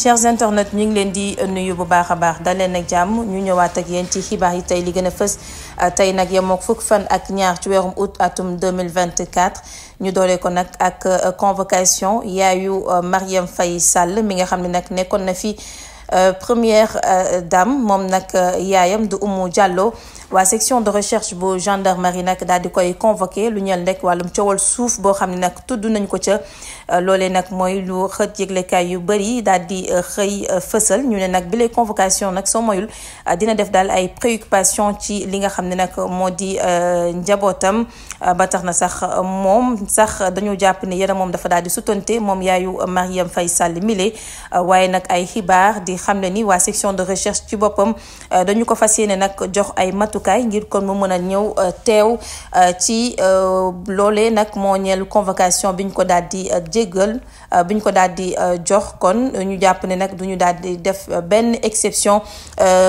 chers internautes ñu ngi leen di nuyu bu baax a baax dal leen ak jàmm ñu ñëwaat ak yéen ci xibaar yi tey li gën a fës euh, tey nag yemook fukk fan ak ñaar ci weerum août atum 2024 ñu doole ko nag ak euh, convocation yaayu euh, Mariam fay Sall mi nga xam ne nag nekkoon na fi première dame moom nag yaayam du Oumou jàlloo waa section de recherche bu gendarmerie nag daal di koy convoqué lu ñeel rek wàllum coowal suuf boo xam ne nag tudd nañ ko ca euh, loolee nag mooy lu xët yëglekaay yu bëri daal di euh, xëy euh, fësal ñu ne nag bi convocation nag soo dina def daal ay préoccupation ci li nga xam ne nag moo di njabootam ba tax na sax moom sax dañoo jàpp ne yaram moom dafa daal di sutante moom yaayu Mariam fay Sall mile waaye nag ay xibaar di xam ne ni waa section de recherche ci boppam dañu ko fas yéene nag jox ay matu jumtukaay ngir kon mu mën a ñëw euh, teew euh, ci euh, loole nag moo ñeel convocation biñ ko daal di jéggal biñ ko daal di jox kon ñu jàpp ne nag duñu daal di def benn exception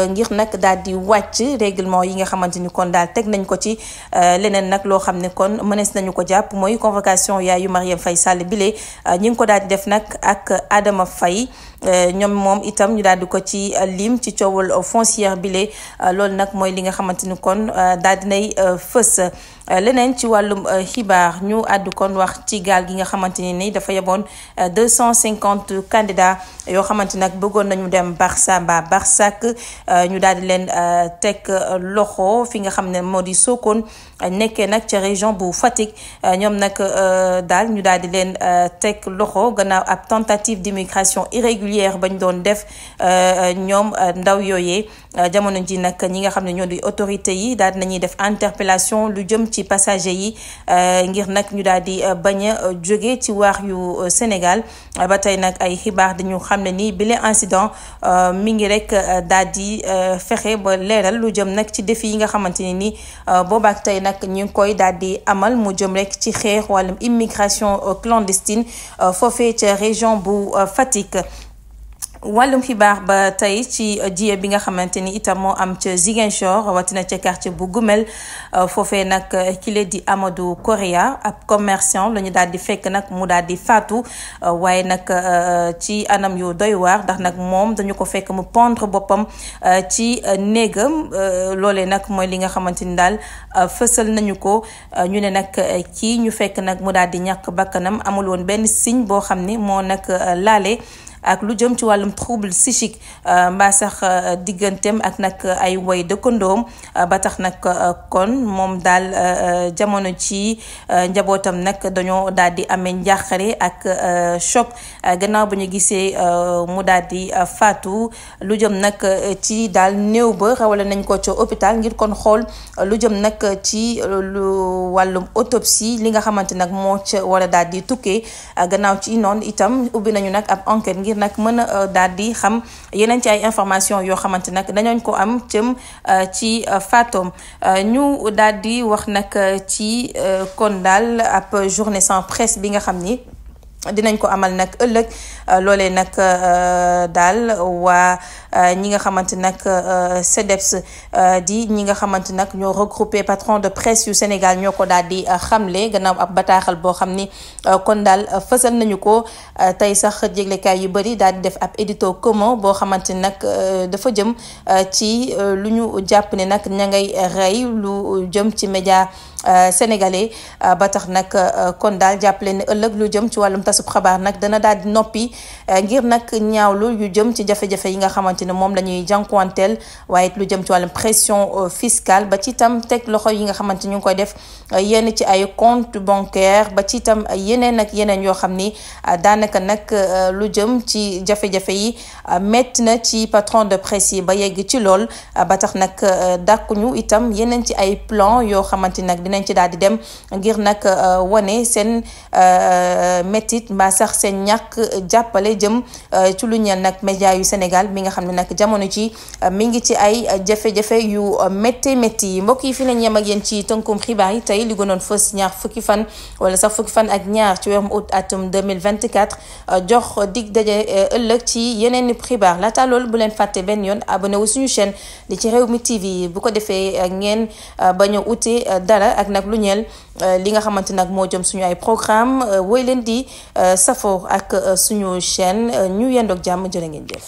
ngir nag daal di wàcc règlement yi nga xamante ni kon daal teg nañ ko ci leneen nag loo xam ne kon mënees nañu ko jàpp mooy convocation yaayu Marième fay Sall bile ñi ngi ko daal di def nag ak Adama fay Euh, ñoom moom itam ñu daal di ko ci euh, lim ci coowal euh, foncière bile loolu nag mooy li nga xamante ni kon daal nay fës. leneen ci wàllum xibaar ñu àddu kon wax ci gaal gi nga xamante ni nii dafa yeboon deux cent cinquante candidats yoo xamante nag bëggoon nañu dem Barça mbaa Barsak ñu daal di leen teg loxo fi nga xam ne moo di Sokone nekkee nag ca région bu Fatick ñoom nag daal ñu daal di leen teg loxo gannaaw ab tentative d'immigration particulière bañ doon def euh, euh, ñoom euh, ndaw yooyee jamono ji nag ñi nga xam ne ñoo di autorité yi daal def interpellation lu jëm ci passager yi ngir nag ñu daal di bañ a jóge ci waax yu Sénégal ba tey nag ay xibaar dañu xam ne nii bile incident mi ngi rek daal di fexe ba leeral lu jëm nag ci défi yi nga xamante ne nii boobaak tey nag ñu ngi koy daal di amal mu jëm rekk ci xeex wàllum immigration clandestine foofe ca région bu Fatick wàllum xibaar ba tey ci uh, jiye bi nga xamante ni itam moo am ca Ziguinchor rawatina ca quartier bu Gumel uh, foofee nag uh, kile di Amadou Korea ab commerçant la ñu daal di fekk nag mu daal di faatu waaye nag ci anam yu doy ndax nag moom dañu ko fekk mu pendre boppam ci néegam loolee nag mooy li nga xamante ni daal fësal nañu ko ñu ne nag kii ñu fekk nag mu daal di ñàkk bakkanam amul woon benn signe boo xam ni moo nag laale ak lu jëm ci wàllum trouble psychique euh, mbaa sax euh, digganteem ak nag euh, ay woy dëkkandoom ba tax nag kon moom daal jamono ci njabootam nag dañoo daal di amee njàqare ak choc gannaaw ba ñu gisee mu daal di faatu lu jëm nag ci daal néew ba rawale nañ ko ca hôpital ngir kon xool lu jëm nag ci lu wàllum autopsie li nga xamante nag moo ca war a daal di tukkee gannaaw ci noonu itam ubbi nañu nag ab enquête nag mën a euh, daal di xam yeneen ci ay information yoo xamante nag dañooñ ko am cëm euh, ci euh, faatoom ñu daal di wax nag ci kon daal ab journée sans presse bi nga xam ni dinañ ko amal nag ëllëg euh, loolee nag euh, daal waa euh, ñi nga xamante nag CDEPS di ñi nga xamante nag ñoo regroupé patron de presse yu Sénégal ñoo ko daal di xamle gannaaw ab bataaxal boo xam ni kon daal fësal nañu ko tey sax jéglekaay yu bëri daal di def ab édito commun boo xamante nag dafa jëm ci lu ñu jàpp ne nag ña ngay rey lu jëm ci média Euh, sénégalais euh, ba tax nag euh, kon daal jàppale ne ëllëg lu jëm ci wàllum tasub xabaar nag dana daal di noppi ngir nag ñaawlu yu jëm ci jafe-jafe yi nga xamante ne moom la ñuy jànkuwanteel waaye lu jëm ci wàllum pression fiscale ba ci tam teg loxo yi nga xamante ñu ngi koy def yenn ci ay compte bancaire ba ci itam yeneen ak yeneen yoo xam ni daanaka nag lu jëm ci jafe-jafe yi métti na ci patron de presse yi ba yegg ci lool ba tax nag dàkkuñu itam yeneen ci ay plan yoo xamante nag dinañ ci daal di dem ngir nag euh, wone seen euh, euh, métit mbaa sax seen ñàkk jàppale jëm ci lu ñeel nag média yu Sénégal mi nga xam ne nag jamono ci mi ngi ci ay jafe-jafe yu métti métti yi mbokk yi fi lañ yem ak yéen ci tënkum xibaar yi tey li gënoon fës ñaar fukki fan wala sax fukki fan ak ñaar ci weerum août atum 2024 jox dig daje ëllëg ci yeneen xibaar laata loolu bu leen fàtte benn yoon abonné wu suñu chaîne di ci réew mi TV bu ko defee ngeen bañ ute dara ak nag lu ñeel euh, li nga xamante nag moo jëm suñu ay programme euh, woy leen di euh, safoo ak suñu chaîne ñu yendoog jàmm jërë ngeen jëf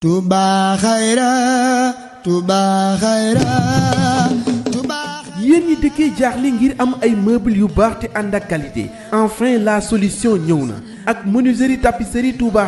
Touba Khayra Touba Khayra yéen ñi dëkkee jaaxle ngir am ay meubles yu baax te ànd ak qualité enfin la solution ñëw na ak menuiserie tapisserie Touba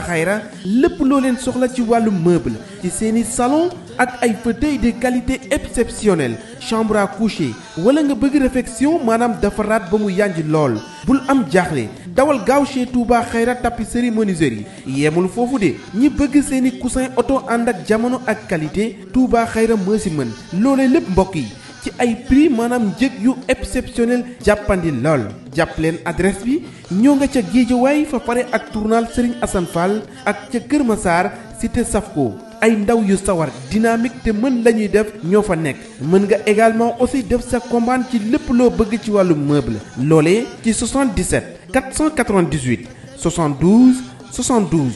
lépp loo leen soxla ci wàllu meuble ci seeni salon ak ay fauteuil de qualité exceptionnelle chambre à coucher wala nga bëgg réfection maanaam dafa defaraat ba mu yànj lool bul am jaaxle dawal gaaw chez Touba Xayra tapisserie menuiserie yi yemul foofu de ñi bëgg seeni coussin auto ànd ak jamono ak qualité Touba Xayra moo si mën loolee lépp mbokk yi ci ay prix maanaam njëg yu exceptionnel jàppandi lool jàpp leen adresse bi ñoo nga ca Géejawaay fa pare ak tournal Serigne Assane Fall ak ca Kër Massar cité ko ay ndaw yu sawar dynamique te mën la ñuy def ñoo fa nekk mën nga également aussi def sa commande ci lépp loo bëgg ci wàllu meuble loolee ci 77 498 72 72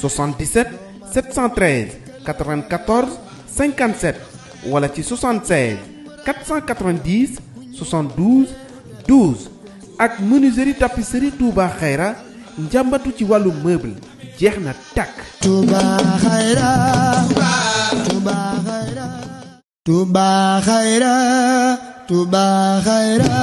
77 713 94 57 wala ci 76 490 72 12 ak menuiserie tapisserie Touba Xayra njàmbatu ci wàllu meuble jeex na tàkk. Touba Khayra Touba Khayra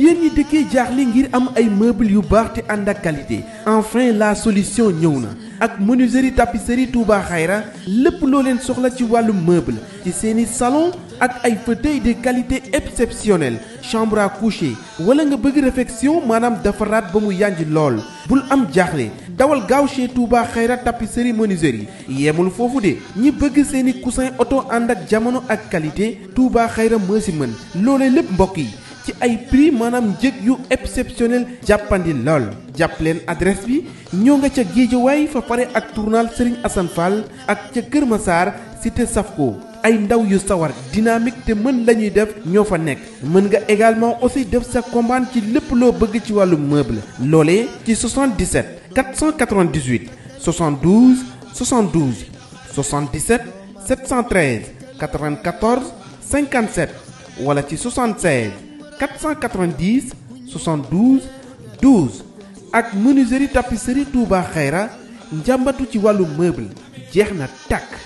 yéen ñi dëkkee jaaxle ngir am ay meubles yu baax te ànd ak qualité enfin la solution ñëw na ak menuiserie tapisserie Touba Xayra lépp loo leen soxla ci wàllu meuble ci seeni salon ak ay fauteuil de qualité exceptionnelle chambre à coucher wala nga bëgg réfection maanaam dafa defaraat ba mu yànj lool bul am jaaxle dawal gaaw chez Touba Xayra tapisserie menuiserie yemul foofu de ñi bëgg seeni coussin oto ànd ak jamono ak qualité Touba Xayra moo si mën lépp mbokk yi ci ay prix maanaam njëg yu exceptionnel jàppandi lool jàpp leen adresse bi ñoo nga ca Géejawaay fa pare ak tournal Serigne Assane Fall ak ca Kër Massar cité Safko ay ndaw yu sawar dynamique te mën la ñuy def ñoo fa nekk mën nga également aussi def sa commande ci lépp loo bëgg ci wàllu meuble loolee ci 77 498 72 72 77 713 94 57 wala ci 76 490 72 12 ak menuiserie tapisserie Touba Xayra njàmbatu ci wàllu meuble jeex na takk